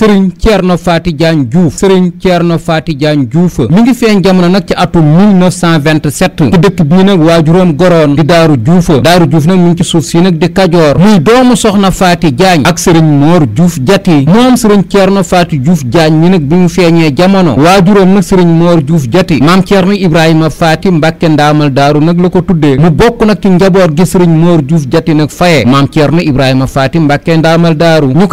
sëriñ Thierno Faty Diagne Diouf sëriñ na Faty Diagne Diouf mu ngi feeñ jamono nag ci atum 1927 ci dëkk bii nag waajuróom goroon di daaru Diouf daaru Diouf nag mi ngi ci suuf si nag di Kajoor muy doomu soxna Faty jaañ ak sëriñ Mor Diouf Jati moom sëriñ na Faty Diouf jaañ mi nag bi mu feeñee jamono waajuróom nag sëriñ Mor Diouf Jati maam Thierno Ibrahima Faty Mbàkke ndaamal daaru nag la ko tuddee mu bokk nag ci njaboot gi sëriñ Mor juuf Jati nag faye maam Thierno Ibrahima Faty Mbàkke ndaamal daaru ñu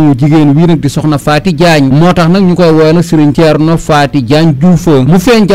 wu jigéen wii nag di soxna Faty Diagne moo tax nag ñu koy woowee nag Serigne Thierno Faty Diagne Diouf mu feeñ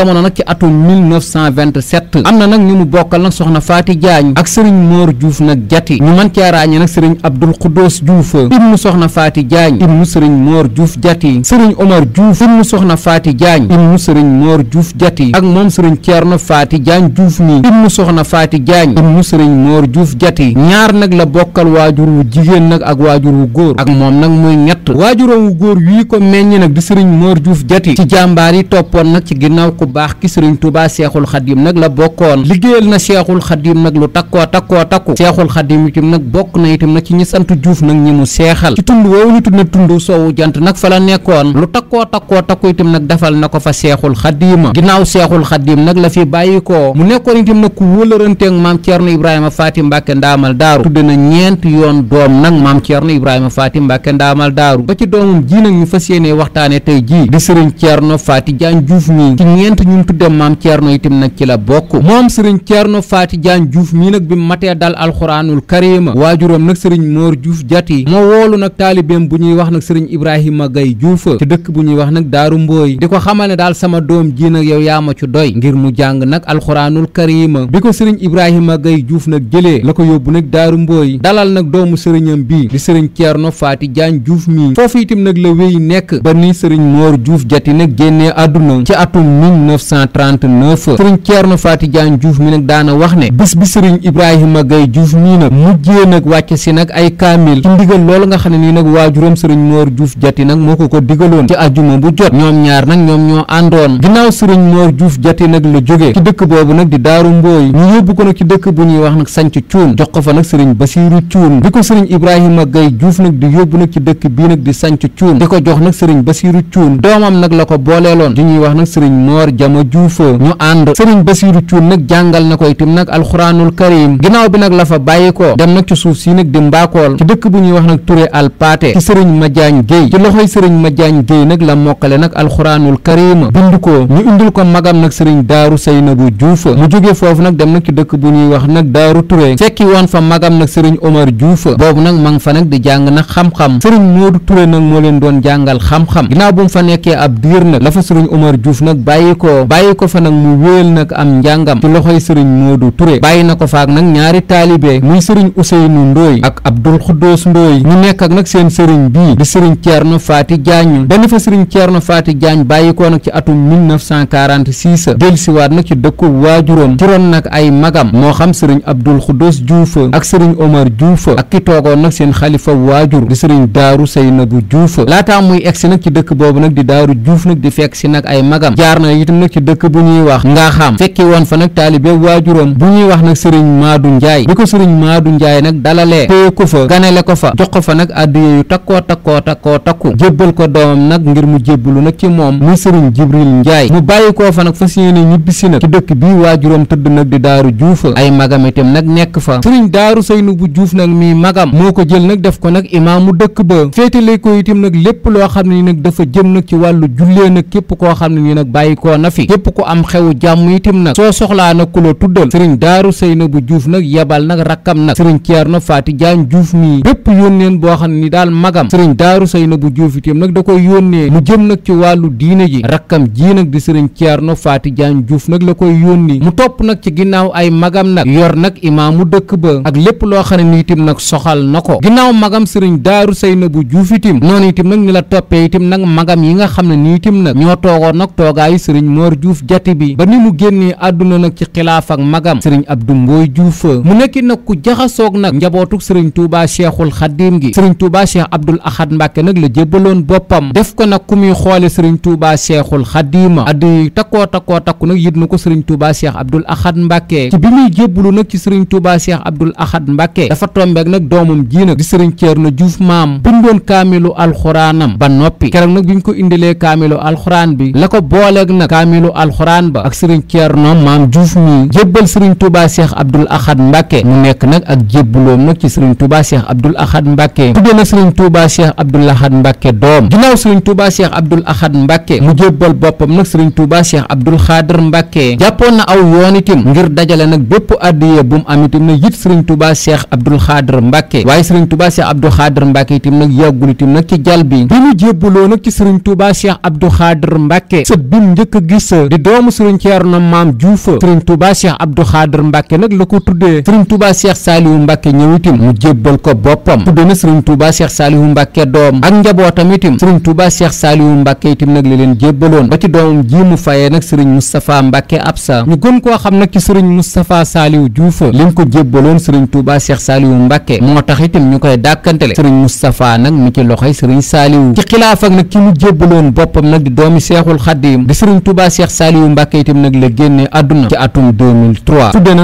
na nag ñu mu bokkal nag soxna Faty Diagne ak Serigne Mor Diouf nag jati ñu mën cee ràññee nag Serigne Abdoul Khoudous Diouf ibnu soxna Faty Diagne ibnu Serigne Mor Diouf jati Serigne Omar Diouf ibnu soxna Faty Diagne ibnu Serigne Mor Diouf jati ak moom Serigne Thierno Faty Diagne Diouf mi ibnu soxna Faty Diagne ibnu Serigne jati ñaar nag la bokkal waajur wu jigéen nag ak waajur wu góor ak moom nag muy ñett waajuram wu góor wii ko meññ nag di sëriñ Mor Diouf Diatty ci jàmbaar yi toppoon nag ci ginnaaw ku baax ki sëriñ tubaa Seexul Xadim nag la bokkoon liggéeyal na Seexul Xadim nag lu takkoo takkoo takku Seexul Xadim itam nag bokk na itam nag ci ñi sant Diouf nag ñi mu seexal ci tund woowu ñu tudd tund soowu jant nag fa la nekkoon lu takkoo takkoo takku itam nag defal na ko fa Seexul Xadim ginnaaw Seexul Xadim nag la fi bàyyi ko mu nekkoon itam nag ku wóolaranteeg Ibrahima Faati Mbàkke ndaamal daaru tudde na ñeent yoon doom nag maam Thierno Ibrahima Faati Mbàkke ndaamal daaru ba ci doomam ji nag ñu fas yéene waxtaane tey jii di sëriñ Thierno Faty Diagne Diouf mii ci ñeent ñun tudde maam Thierno itam nag ci la bokk moom sëriñ Thierno Faty Diagne Diouf mii nag bi matee dal alxuraanul karima waajuram nag sëriñ Mor Diouf Jati moo woolu nag taalibeem bu ñuy wax nag sëriñ Ibrahima Gaye Diouf ci dëkk bu ñuy wax nag daaru mbooy di ko xamal ne daal sama doom ji nag yow yaa ma ci doy ngir mu jàng nag alxuraanul karima bi ko sëriñ Ibrahima Gaye Diouf nag jëlee nag daaru mbooy dalal Diagne Diouf mi foofu itam nag la wéy nekk ba ni sëriñ Mor Diouf jati nag génnee àdduna ci atum sëriñ Thierno Faty Diagne mi nag daana wax ne bis bi sëriñ Ibrahima Gaye Diouf mii nag mujjee nag wàcc si nag ay kaamil ci ndigal loolu nga xam ne nii nag waajuram sëriñ Mor Diouf jati nag moo ko ko digaloon ci ajuma bu jot ñoom ñaar nag ñoom ñoo àndoon ginnaaw sëriñ Mor Diouf jati nag la jóge ci dëkk boobu nag di Daaru Mbooy ñu yóbbu ko nag ci dëkk bu ñuy wax nag sanc cuun ci dëkk bii nag di sanc cuun di ko jox nag sëriñ basiiru cuun doomam nag la ko booleeloon ju ñuy wax nag sëriñ moor jama juufa ñu ànd sëriñ basiiru cuun nag jàngal na ko itam nag alxuraanul karim ginnaaw bi nag la fa bàyyi ko dem nag ci suuf si nag di mbaakool ci dëkk bu ñuy wax nag ture alpaate ci sëriñ majaañ géey ci loxoy sëriñ majaañ géey nag la mokkale nag alxuraanul karim bind ko ñu indil ko magam nag sëriñ daaru saynabu juufa mu jóge foofu nag dem nag ci dëkk bu ñuy wax nag daaru ture fekki woon fa magam nag sëriñ omar juufa boobu nag ma fa nag di jàng nag xam sëriñ Modou Touré nag moo leen doon jàngal xam-xam ginnaaw bu mu fa nekkee ab diir nag la fa sëriñ Omar Diouf nag bàyyi ko ko fa nag mu wéyal nag am njàngam ci loxoy sëriñ Modou ture bàyyi na ko faak nag ñaari taalibe muy sëriñ Ousseynou ndooy ak Abdoul Khoudous Ndoye ñu nekk ak nag seen sëriñ bii di sëriñ Thierno Fati Diagne benn fa sëriñ Thierno Fati Diagne bàyyi ko nag ci atum 1946 dellusiwaat nag ci dëkku waajuram ci ron nag ay magam moo xam sëriñ Abdoul Khoudous Diouf ak sëriñ Omar Diouf ak ki toogoon nag seen xalifa waajur di sëriñ daaru Seynabou Diouf laataa muy egsi nag ci dëkk boobu nag di daaru Diouf nag di fekk si nag ay magam jaar na itam nag ci dëkk bu ñuy wax Ngaxam fekki woon fa nag taalibe waajuram bu ñuy wax nag sëriñ Maadu Njaay bi ko sëriñ Maadu Njaay nag dalalee téye ko fa ganale ko fa jox ko fa nag addiye yu takkoo takkoo takkoo takku jébbal ko doomam nag ngir mu jébbalu nag ci moom muy sëriñ Jibril Njaay mu bàyyi koo fa nag fas yéene ñibbisi dëkk bii waajuram tëdd nag di daaru Diouf ay magam nag nekk fa magam moo ko jël nag def ko nag imaamu dëkk ba féetale ko itam nag lépp loo xam ne ni nag dafa jëm nag ci wàllu jullee nag képp koo xam ne nii nag bàyyi koo na fi képp ko am xewu jàmm itam nag soxlaa nag ku la tuddal sëriñ daaru sëy Seynabou juuf nag yebal nag rakkam nag sëriñ Ceerno Faati Jaañ Diouf mii bépp yónneen boo xam ne ni daal magam sëriñ daaru sëy Seynabou Diouf itam nag da koy yónnee mu jëm nag ci wàllu diine ji rakkam ji nag di sëriñ Ceerno Faati Jaañ juuf nag la koy yónni mu topp nag ci ginnaaw ay magam nag yor nag imaamu dëkk ba ak lépp loo xam ne ni nag soxal na ko ginnaaw magam sëriñ daaru Seynabou Diouf itim noonu itim nag la toppee itim nag magam yi nga xam ne nii itim nag ñoo toogoon nag toogaayu sëriñ Mor Diouf jati bi ba ni mu génnee àdduna nag ci xilaaf ak magam sëriñ Abdou Mboy Diouf mu nekki nag ku jaxasoog nag njabootuk sëriñ Touba Cheikhul Khadim gi sëriñ Touba Cheikh Abdoul Ahad Mbacke nag la jébbaloon boppam def ko nag ku muy xoole sëriñ Touba Cheikhul Khadim addi takkoo takkoo takku nag yit na ko sëriñ Touba Cheikh Abdoul Ahad Mbacke ci bi muy jébbalu nag ci sëriñ Touba Cheikh Abdoul Ahad Mbacke dafa tombeek nag doomam ji nag di sëriñ Thierno Diouf maam bindoon kaamilu alxuraanam ba noppi keroog nag bi ñu ko indilee kaamilu alxuraan bi la ko booleek nag kaamilu alxuraan ba ak sëriñ Ceerno maam Juuf mii jébbal sëriñ Touba Cheikh Abdoul Ahad Mbacke mu nekk nag ak jébbaloom nag ci sëriñ Touba Cheikh Abdoul Ahad Mbacke tuddee na sëriñ Touba Cheikh Abdoul Ahad Mbacke doom ginnaaw sëriñ Touba seex Abdoul Ahad Mbacke mu jébbal boppam nag sëriñ Touba Cheikh Abdoul Xaadir Mbacke jàppoon na aw yoon itam ngir dajale nag bépp addiye bu mu am itam na yit sëriñ Touba Cheikh Abdoul Xaadir Mbacke waaye sëriñ Touba Cheikh Abdoul Xaadir Mbacke itam nag yàggul itam nag ci jal bi bi mu jébbaloo nag ci sëriñ Touba Cheikh Abdou Khader Mbacke sët a gis di doomu sëriñ la ko tuddee sëriñ Touba Cheikh Saliou Mbacke ñëw itam mu jébbal ko boppam tudde na sëriñ Touba Cheikh Saliou Mbacke doom ak njabootam itam sëriñ Touba Cheikh Saliou Mbacke itam nag la leen jébbaloon ba ci doomam ji mu fayee nag sëriñ Moustapha Mbacke Absa ñu gën koo ko jébbaloon sëriñ Touba Cheikh Saliou Mbacke moo tax itam ñu koy dàkkantele sëriñ Moustapha Moustapha nag mi ci loxoy sëriñ saaliwu ci xilaaf ak nag ci mu jébbaloon boppam nag di doomi seexul xaddiim di sëriñ Touba Cheikh saaliwu Mbàkke itam nag na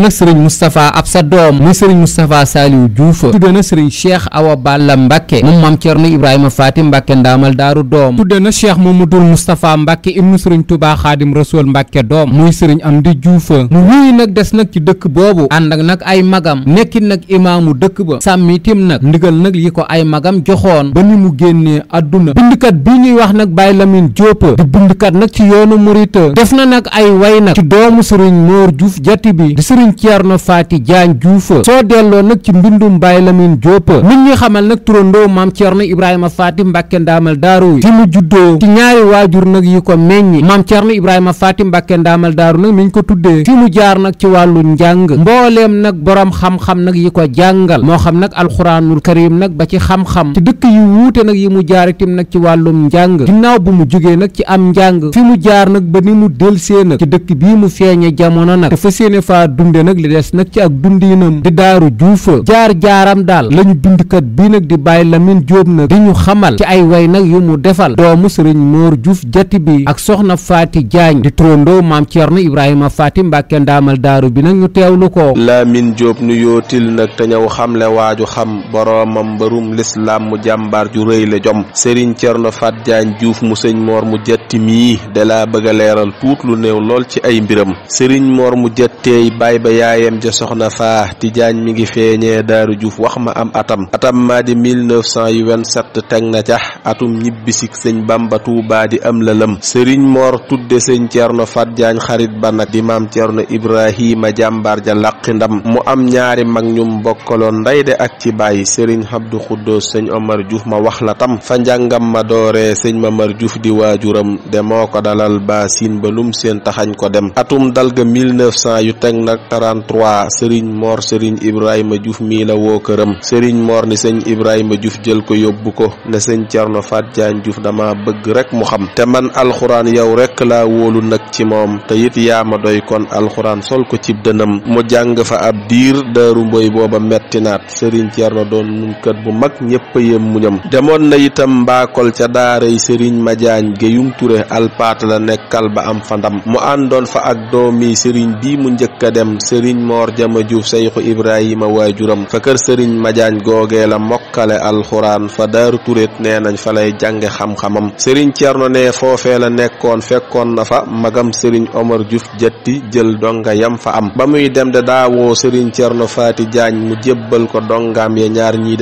nag sëriñ ab sa doom muy sëriñ Moustapha saaliwu Juufa tudde na sëriñ Cheikh Awa Balla Mbàkke moom maam Cerno Ibrahima Faati Mbàkke ndaamal daaru doom tudde na Cheikh Mamadul Moustapha Mbàkke ibnu sëriñ Touba Xaadim Rasuul Mbàkke doom muy sëriñ Amdi Juufa mu wuyu nag des nag ci dëkk boobu ànd ak nag ay magam nekkit nag imaamu dëkk ba sàmmitim nag ndigal nag yi ko ay magam joxoon ba ni mu génnee àdduna bindkat bi ñuy wax nag Baye Lamine Diop di bindkat nag ci yoonu Mouride def na nag ay way nag ci doomu Serigne Mor Diouf jati bi di Serigne Thierno Fati Diagne Diouf soo delloo nag ci mbindum Baye Lamine Diop nit ñi xamal nag turandoo maam Thierno Ibrahima Fati Mbacke Ndaamal Daaru fi mu juddoo ci ñaari waajur nag yi ko meññi maam Thierno Ibrahima Fati Mbacke Ndaamal Daaru nag mi ñu ko tuddee fi mu jaar nag ci wàllu njàng mbooleem nag boroom xam-xam nag yi ko jàngal moo xam nag alxuraanul karim nag ba ci xam-xam te dëkk yu wuute nag yi mu jaar itam nag ci wàllum njàng ginnaaw bu mu jógee nag ci am njàng fi mu jaar nag ba ni mu delsee nag ci dëkk bii mu feeñe jamono nag te fa séene faa dunde nag li des nag ci ak dundinam di daaru juufa jaar-jaaram daal la bindkat bii nag di bàyyi lamin Jóob nag di ñu xamal ci ay way nag yu mu defal doomu sëriñ Moor Juuf jati bi ak soxna Faati Jaañ di trondoo maam Ceerno Ibrahima Faati Mbàkke ndaamal daaru bi nag ñu teewlu ko Lamine Jóob nu yootil nag te ñëw xamle waaju xam boroomam mbarum lislaam salaam mu jàmbaar ju rëy la jom Serigne Thierno Fat Diagne Diouf mu sëñ Mor mu jatti mii da laa bëgg a leeral tuut lu néew lool ci ay mbiram Serigne moor mu jatteey baay ba yaayam ja soxna faa Tijaañ mi ngi feeñee Daaru Diouf wax ma am atam atam maa di 1927 teg na ca atum ñibbisik sëñ Bamba Tuubaa di am lëlëm Serigne Mor tudde sëñ Thierno Fat Diagne xarit ba nag di maam Thierno Ibrahima jàmbaar ja làqi ndam mu am ñaari mag ñum bokkaloon ndey de ak ci bàyyi Serigne Abdou Khoudous Omar Diouf ma wax la tam fa njàngam ma dooree sëñ Mamar Diouf di waajuram de ko dalal ba siin ba lum seen taxañ ko dem atum dalga 1900 yu teg nag 33 sëriñ Mor sëriñ Ibrahima juuf mii la woo këram sëriñ Mor ni sëñ Ibrahima Diouf jël ko yóbbu ko ne sëñ Cerno Fat Jaan Diouf dama bëgg rek mu xam te man alxuraan yow rek laa wóolu nag ci moom te it yaa ma doy kon alxuraan sol ko cib dënam mu jàng fa ab diir daaru mboy booba metti naat sëriñ na doon nun kët bu mag ñëpp yéem muñam demoon na itam mbaakol ca daaray sëriñ Madiagne Guéyoum Touré alpaat la nekkal ba am fa ndam mu àndoon fa ak doom doomi sëriñ bii mu njëkk a dem sëriñ Mor Jama Diouf Seyxu Ibrahima waajuram fa kër sëriñ Madiagne googee la mokkale alxuraan fa daaru Touré nee nañ fa lay jànge xam-xamam sëriñ Cerno ne foofee la nekkoon fekkoon na fa magam sëriñ Omar Diouf Jatti jël donga yam fa am ba muy dem de daawoo sëriñ Cerno Faati Jaañ mu jébbal ko dongaam ya ñaar ñii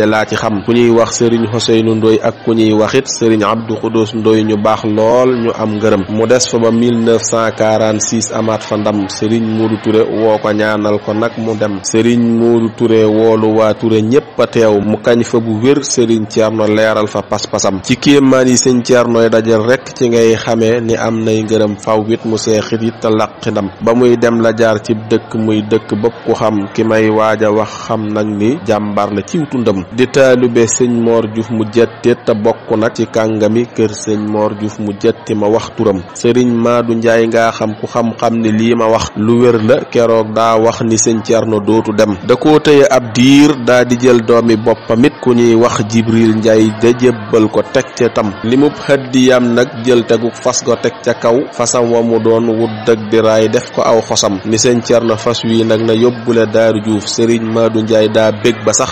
wax sëriñ Xoseynu Ndoy ak ku ñuy waxit sëriñ Abdu Xudóos Ndoy ñu baax lool ñu am ngërëm mu des fa ba 1946 amaat fa ndam sëriñ Moodu Ture woo ko ñaanal ko nag mu dem sëriñ Moodu Ture woolu waa Ture ñépp a teew mu kañ fa bu wér sëriñ Ceerno leeral fa pas-pasam ci kéemaan yi sëñ Ceernoy dajal rekk ci ngay xamee ni am nay ngërëm faw wit mu seexit it te ndam ba muy dem la jaar ci dëkk muy dëkk bëpp ku xam ki may waaj a wax xam nag ni jàmbar la ciw tundam di sëñ Mor Diouf mu jettee te bokk na ci kàngami kër sëñ moor Diouf mu jetti ma wax turam sëriñ du Njaay ngaa xam ku xam-xam ni lii ma wax lu wér la keroog daa wax ni sëñ Cerno dootu dem da koo tëye ab diir daa di jël doomi boppamit ku ñuy wax Jibril Njaay da jébbal ko teg ca tam li mu xëddiyam nag jël tegu fas ko teg ca kaw fasam wa mu doon wut dëgg di raay def ko aw xosam ni sëñ Cerno fas wi nag na yóbbule Daaru Diouf sëriñ Maadu Njaay daa bég ba sax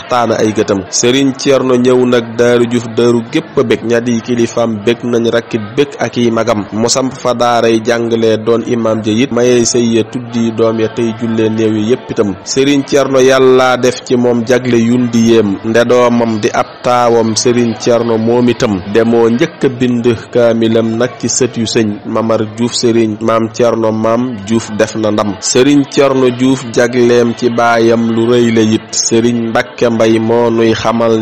ñëw nag daaru juuf daaru gépp a bég ñadi kilifaam bég nañ rakkit bekk ak i magam mosam samp fa daaray jàngalee doon imaam ja it mayee sëy ya tuddi doom ya tey jullee néew yi yépp itam sëriñ cerno yàlla def ci moom jagle yundi yéem nde doomam di ab taawam sëriñ cerno moom itam demoo njëkk a bind kaamilam nag ci sët yu sëñ mamar juuf sëriñ maam cerno maam juuf def na ndam sëriñ cerno juuf jagleem ci baayam lu rëy la it sëriñ mbakke mbay moo nuy xamal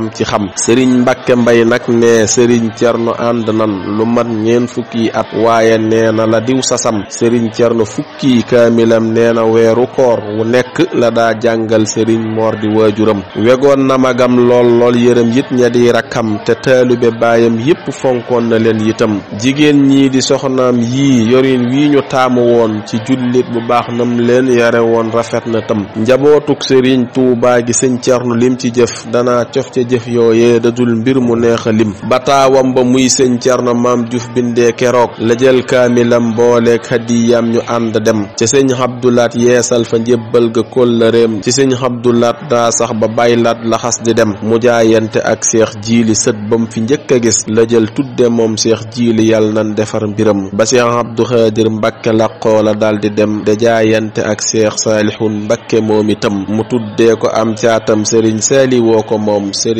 xam ci xam sëriñ Mbàkke Mbay nag ne sëriñ Cerno ànd nan lu mat ñeen fukki at waaye nee na la diw sasam sëriñ Cerno fukki kaamilam nee na weeru koor wu nekk la daa jàngal sëriñ Moor di waajuram wegoon na magam lool lool yërëm it ña di rakkam te taalibe baayam yépp fonkoon na leen yitam jigéen ñi di soxnaam yii yorin wii ñu taamu woon ci jullit bu baax nam leen yare woon rafet na tam njabootuk sëriñ Tuubaa gi sëñ Cerno lim ci jëf dana cof ca jëf yooyee dadul mbir mu neex a lim bataawam ba muy sëñ na Maam Juuf bindee keroog la jël kaamilam booleeg hadiyam ñu ànd dem ca sëñ Abdulaat yeesal fa njébbal ga kóllëreem ci sëñ Abdulaat daa sax ba baylaat laxas di dem mu jaayante ak seex jiili sët ba mu fi njëkk a gis la jël tudde moom seex jiili yàlla nan defar mbiram ba seex Abdu Xaadir Mbàkke laqoo la di dem da jaayante ak seex Saalixun Mbàkke moom itam mu tuddee ko am caatam sëriñ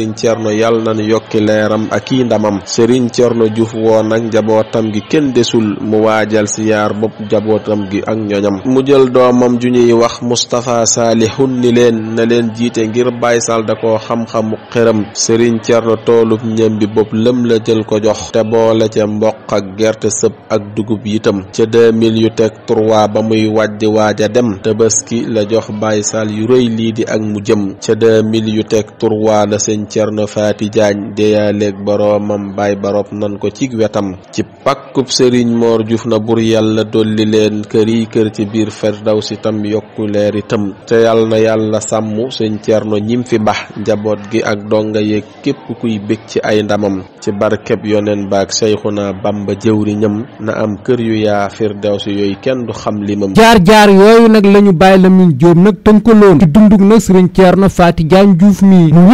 Serigne Thierno yàlla nañu yokki leeram ak i ndamam Serigne Thierno Diouf woo nag njabootam gi kenn desul mu waajal siyaar bopp njabootam gi ak ñoñam mu jël doomam ju ñuy wax Moustapha Saalihun ni leen na leen jiite ngir Baye Sall da koo xam-xamu xëram Serigne Thierno toolub ñëm bi bopp lëm la jël ko jox te boole ca mboq ak gerte sëb ak dugub yitam ca 2000 yu teg 3 ba muy wàjj waaja dem Tabaski la jox Baye yu rëy lii di ak mu jëm ca 2000 yu teg 3 la sëñ Cerno Faati Jaañ deyaaleeg boroomam baay barob nan ko ci wetam ci pàkkub sëriñ Moor Juuf na bur yàlla dolli leen kër yi kër ci biir si tam yokku leeri tëm te yàlla na yàlla sàmm sëñ Cerno ñim fi bax njaboot gi ak donga yeeg képp kuy bég ci ay ndamam ci barkeb yoneen baak na Bamba jëwriñam na am kër yu yaa Firdawsi yooyu kenn du xam limam jaar-jaar yooyu nag lañu bàyyi Lamin Jóob nag tënkaloon ci dundug nag sëriñ Cerno Jaañ Juuf mi mu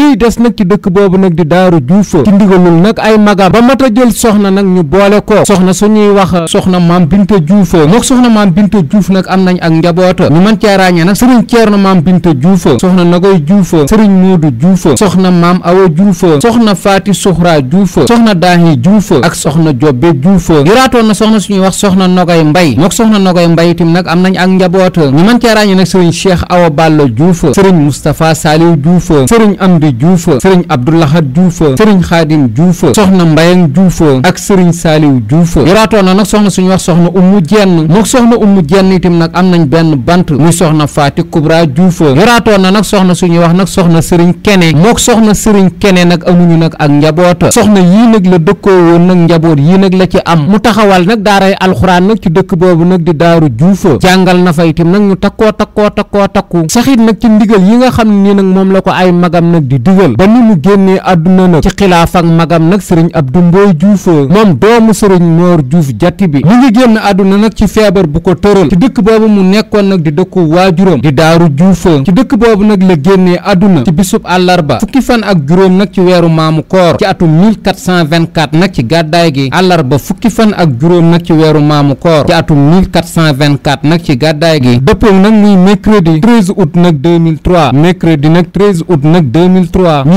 dëkk boobu nag di daaru juuf ci ndigalul nag ay magam ba mat a jël soxna nag ñu boole ko soxna suñuy wax soxna maam binta juuf mook soxna maam binta juuf nag am nañ ak njaboot ñu mën cee ràññee nag sëriñ ceerno maam binta juuf soxna nagoy juuf sëriñ moodu juuf soxna maam awa juuf soxna faati suxra juuf soxna daahi juuf ak soxna jobbe juuf yoraatoon na soxna suñuy wax soxna nogay mbay mook soxna nogay mbay tim nag am nañ ak njaboot ñu mën cee ràññee nag sëriñ cheikh awa ballo juuf sëriñ moustapha saliw juuf sëriñ amdi juuf sëriñ Abdoulahad Diouf sëriñ Xaadim Diouf soxna Mbayang Diouf ak sëriñ Saaliw Diouf yoraatoon na nag soxna suñu wax soxna Ummu Jenn mook soxna Ummu Jenn itam nag am nañ benn bant muy soxna Faati Kubra Diouf yoraatoon na nag soxna suñuy wax nag soxna sëriñ Kene mook soxna sëriñ Kene nag amuñu nag ak njaboota soxna yii nag la dëkkoo woon nag njaboot yii nag la ci am mu taxawal nag daaray alxuraan nag ci dëkk boobu nag di daaru Diouf jàngal na fa itam nag ñu takkoo takkoo takkoo takku saxit nag ci ndigal yi nga xam ne nag moom la ko ay magam nag di digal mu génnee àdduna nag ci xilaaf ak magam nag sëriñ Abdou Mboy Diouf moom doomu sëriñ Mor Diouf Jatti bi mu ngi génn àdduna nag ci feebar bu ko tëral ci dëkk boobu mu nekkoon nag di dëkku waajuram di daaru Diouf ci dëkk boobu nag la génnee àdduna ci bisub àllarba fukki fan ak juróom nag ci weeru maamu koor ci atum 1424 nag ci gàddaay gi àllarba fukki fan ak juróom nag ci weeru maamu koor ci atum 1424 nag ci gàddaay gi dëppoo nag muy mercredi 13 août nag 2003 mercredi nag 13 août nag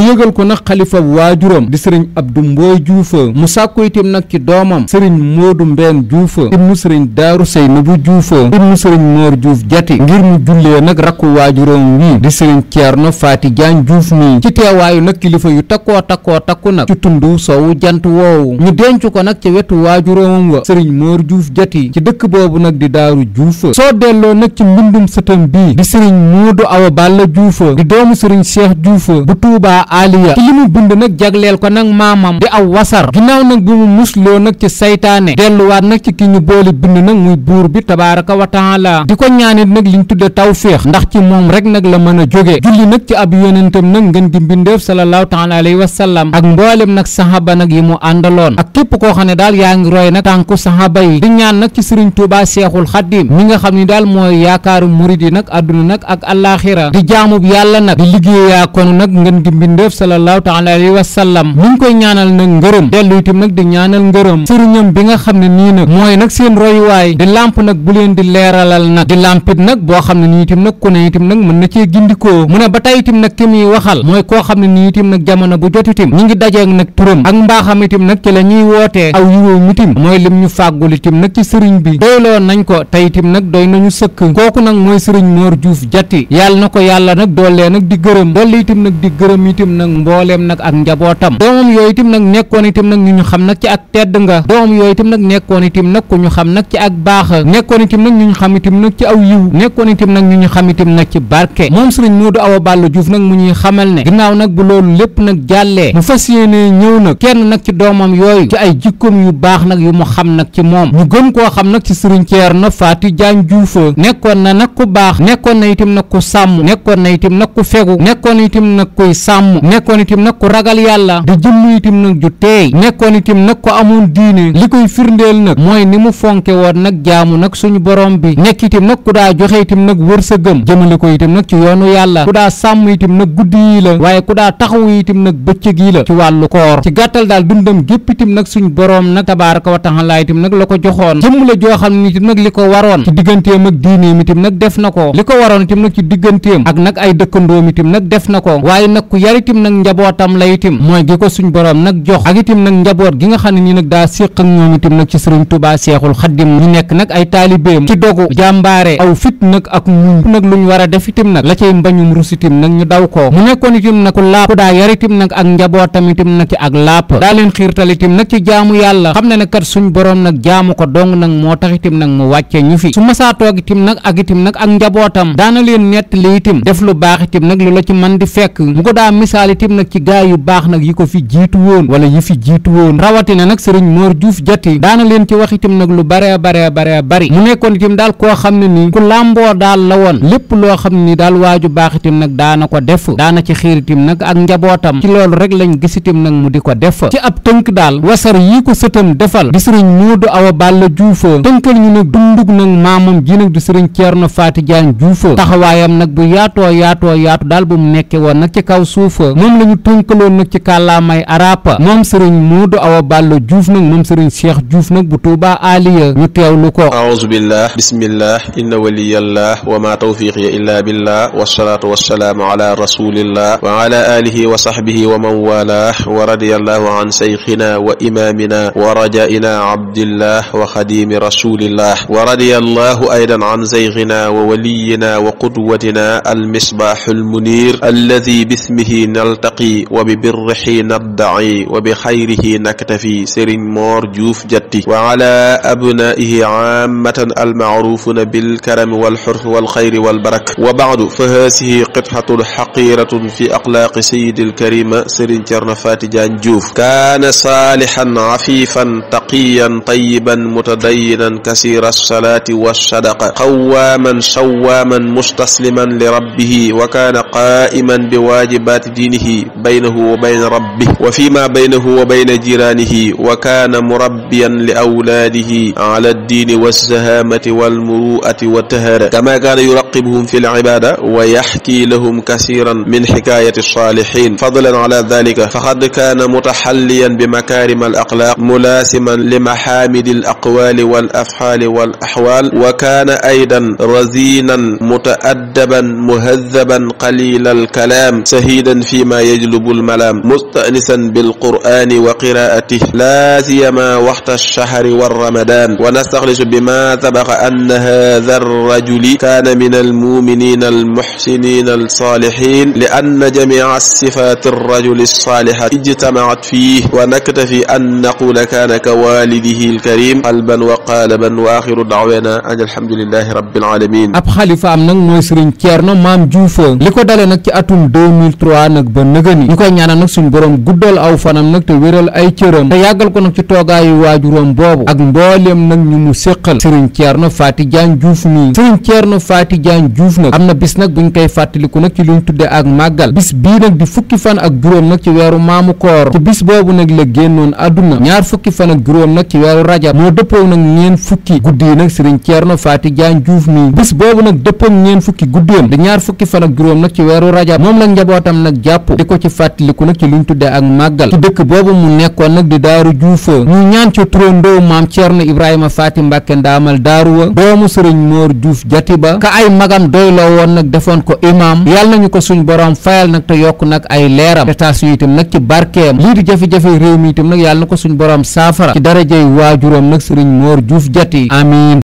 yëgal ko nag xalifa waajuram di sëriñ Abdou Mboy Diouf mu sàkku itam nag ci doomam sëriñ Modou Mbène Diouf ibnu sëriñ Daaru Seynabu Diouf ibnu sëriñ Mor Diouf Jati ngir mu jullee nag rakku waajuram wi di sëriñ Thierno Fati Diagne Diouf mi ci teewaayu nag kilifa yu takkoo takkoo takku nag ci tundu soowu jant woowu ñu denc ko nag ca wetu waajuram wa sëriñ Mor Diouf Jati ci dëkk boobu nag di Daaru Diouf soo delloo nag ci mbindum sëtam bii di sëriñ Modou Awa Balla Diouf di doomu sëriñ Cheikh Diouf bu Tuubaa aliya ci li mu bind nag jagleel ko nag maamam di aw wasar ginnaaw nag bi mu musloo nag ci saytaane delluwaat nag ci ki ñu boole bind nag muy buur bi tabaaraka wa taala di ko ñaanit nag liñ tudde tawféex ndax ci moom rek nag la mën a jóge julli nag ci ab yonentam nag ngeen gi mbindeef salallaahu taala alayhi wa sallam ak mboolem nag sahaba nag yi mu àndaloon ak képp koo xam ne daal yaa ngi roy nag tànku sahaba yi di ñaan nag ci sëriñ tuubaa seexul xaddim mi nga xam daal mooy yaakaaru murid yi nag àdduna nag ak àllaaxira def sallallahu taala alayhi wa sallam mu ngi koy ñaanal nag ngërëm dellu itam nag di ñaanal ngërëm sëriñam bi nga xam ne nii nag mooy nag seen royuwaay di lamp nag bu leen di leeralal nag di lampit nag boo xam ne nii itam nag ku ne itam nag mën na cee gindikoo mu ne ba tey itam nag ki muy waxal mooy koo xam ne nii itam nag jamono bu jot itam ñi ngi dajeek nag turam ak mbaaxam itam nag ci la ñuy wootee aw yiwoo mitim mooy lim ñu fàggul itam nag ci sëriñ bi doyloo nañ ko tey itam nag doy nañu sëkk kooku nag mooy sëriñ Mor Diouf Diatty yàlla na ko yàlla nag doolee nag di gërëm dolli itam nag di gërëm itam nag mbooleem nag ak njabootam doomam yooyu itam nag nekkoon itam nag ñu ñu xam nag ci ak tedd nga doomam yooyu itam nag nekkoon itam nag ku ñu xam nag ci ak baax nekkoon itam nag ñu ñu xam itam nag ci aw yiw nekkoon itam nag ñu ñu xam itam nag ci barke moom sëriñ Modou Awa Balla Diouf nag mu ñuy xamal ne yu baax nag yu mu xam nag ci moom ñu gën koo xam nag ci sëriñ na Faty Diagne Diouf nekkoon na nag ku baax nekkoon na itam nag ku sàmm nekkoon na itam nag ku fegu nekkoon na itam nag kuy sàmm nekkoon itam nag ku ragal yàlla di jëmm itam nag ju teey nekkoon itam nag ko amoon diine li koy firndeel nag mooy ni mu fonke woon nag jaamu nag suñu borom bi nekk itam nag ku daa joxe itam nag wër wërsëgam jëmale ko itam nag ci yoonu yàlla ku daa sàmm itam nag guddi yi la waaye ku daa taxawu itam nag bëccëg yi la ci wàllu koor ci gàttal daal dundam gépp itam nag suñu borom nag tabaaraka wa taala itam nag la ko joxoon jëmm la joo xam ne itam nag li ko waroon ci digganteem ak diineem itam nag def na ko li ko waroon itam nag ci digganteem ak nag ay dëkkandoom itam nag def na ko itim nag njabootam la itim mooy gi ko suñ borom nag jox ak itim nag njaboot gi nga xam ne nii nag daa séq ak ñoom itim nag ci sëriñ tubaa seexul xaddim ñu nekk nag ay taalibeem ci aw fit nag ak muñ nag luñ war a def itim nag la cay mbañum rus itim nag ñu daw ko mu nekkoon itim nag ku laap ku daa yar itim nag ak njabootam itim nag ci ak laap daa leen xiirtal itim nag ci jaamu yàlla xam ne ne kat suñ borom nag jaamu ko dong nag moo tax itim nag mu wàcce ñu fi su masaa toog itim nag ak itim nag ak njabootam daana leen nett li itim def lu baax itim nag lu la ci man jaale tim nag ci gaay yu baax nag yi ko fi jiitu woon wala yi fi jiitu woon rawatina nag sëriñ Mor Diouf Diatty daana leen ci wax itam nag lu bare bare bare mu nekkoon itam daal koo xam ne nii ku làmboo daal la woon lépp loo xam ni nii daal waaju baax itam nag daana ko def daana ci xiir itam nag ak njabootam ci loolu rek lañ gis itam nag mu di ko def ci ab tënk daal wasar yii ko sëtam defal di sëriñ Moodu Awa Balla Diouf tënkal ñu nag dundug nag maamam ji nag di sëriñ Ceerno Faati Jaan Diouf taxawaayam nag bu yaatoo yaatoo yaatu daal bu mu nekke woon nag ci kaw suufa moom la ñu tënkaloon nag ci kàllaamay arapa moom sëriñ Moodu Awa Balla Diouf nag moom sëriñ Cheikh Diouf nag bu Tuuba Aliya ñu teewlu ko aouzu billah bismillah inna waliyallah wa ma tawfiqi illa billah wasalaatu wasalaamu ala rasulillah wa ala alihi wa sahbihi wa man walah wa radiyallahu an sayxina wa imamina wa rajaina abdillah wa xadimi rasulillah wa radiyallahu aydan an sayxina wa waliyina wa qudwatina almisbahu almunir alladi bismihi naltaqi wa bi birrihi naddaci wa bi xayrihi naktafi sëriñ moor juuf jatti wa ala abnaihi aamatan almacrufuuna bilkarami walxurfi walxayri walbarak wa bacdu fa haasihi qitxatun xaqiratun fi axlaaqi sayidi alkarima sëriñ cerno faati jaan juuf kaana saalixan afifan taqiyan tayiban mutadayinan kasira alsalaati walsadaqa qawaaman sawaaman mustasliman li rabbihi wa kaana qaa'iman bi waajibaati diinihi baynahu wa bayna rabbih wa fi ma baynahu wa bayna jiraanihi wa kaana murabbiyan li awlaadihi ala addiini walsahaamati walmuru'ati wa tahara kama kaana yuraqibuhum fi lcibaada wa yaxkii lahum kasiran min xikaayati alsaalihin fadlan ala dalika faqad kaana mutaxalliyan bi makaarima alaxlaaq mulaasiman li maxaamidi alaqwaali walafxaali walaxwaal wa kaana aydan raziinan mutaaddaban muhadaban qalila alkalaam sahiidan fi fi ma yajlubu lmalaam mustanisan bilqur'ani wa qiraatih laa siyama waxta alchahri warramadan wa nastaxlisu bima sabaqa ann hadha arrajuli kaana min almuminina almuxsinina alsaalixin li ann jamica sifat arrajuli alsaalixa ijtamacat fih wa naktafi an naqula kaana ka walidihi alkarim qalban wa qaalaban wa axiru dacwana an alhamdulilahi rabbil alamin ab xalifaam nag mooy sëriñ Ceerno Maam Juufa li ko dale nag ci atum 2003 nag nag ba nëgëni ñu koy ñaanal nag suñu borom guddal aw fanam nag te wéral ay cëram te yàggal ko nag ci toogaayu waajuróom boobu ak mbooleem nag ñu mu séqal Serigne Thierno Faty Diagne Diouf mii Serigne Thierno Faty Diagne Diouf nag am na bis nag buñ koy fàttaliku nag ci luñ tudde ak màggal bis bii nag fukki fan ak juróom nag ci weeru maamu koor ci boobu nag la génnoon àdduna ñaar fukki fan ak juróom nag ci weeru rajab moo dëppoo nag ñeen fukki guddi nag Serigne Thierno Faty Diagne Diouf mii bis boobu nag dëppoo ñeen fukki guddeem di ñaar fukki fan ak juróom nag ci weeru rajab moom nag njabootam nag jàpp jàpp di ko ci fàttaliku nag ci lu ñu tuddee ak màggal ci dëkk boobu mu nekkoon nag di daaru juufa ñu ñaan ca turandoo maam na Ibrahima Faati Mbàkke ndaamal daaru wa doomu sëriñ Moor Juuf jati ba ka ay magam doy loo woon nag defoon ko imaam yàlla ñu ko suñ borom fayal nag te yokk nag ay leeram te itam nag ci barkeem lii di jafe-jafe réew mi itam nag yàlla na ko suñ borom saafara ci darajey waajuram nag sëriñ Moor Juuf jati amiin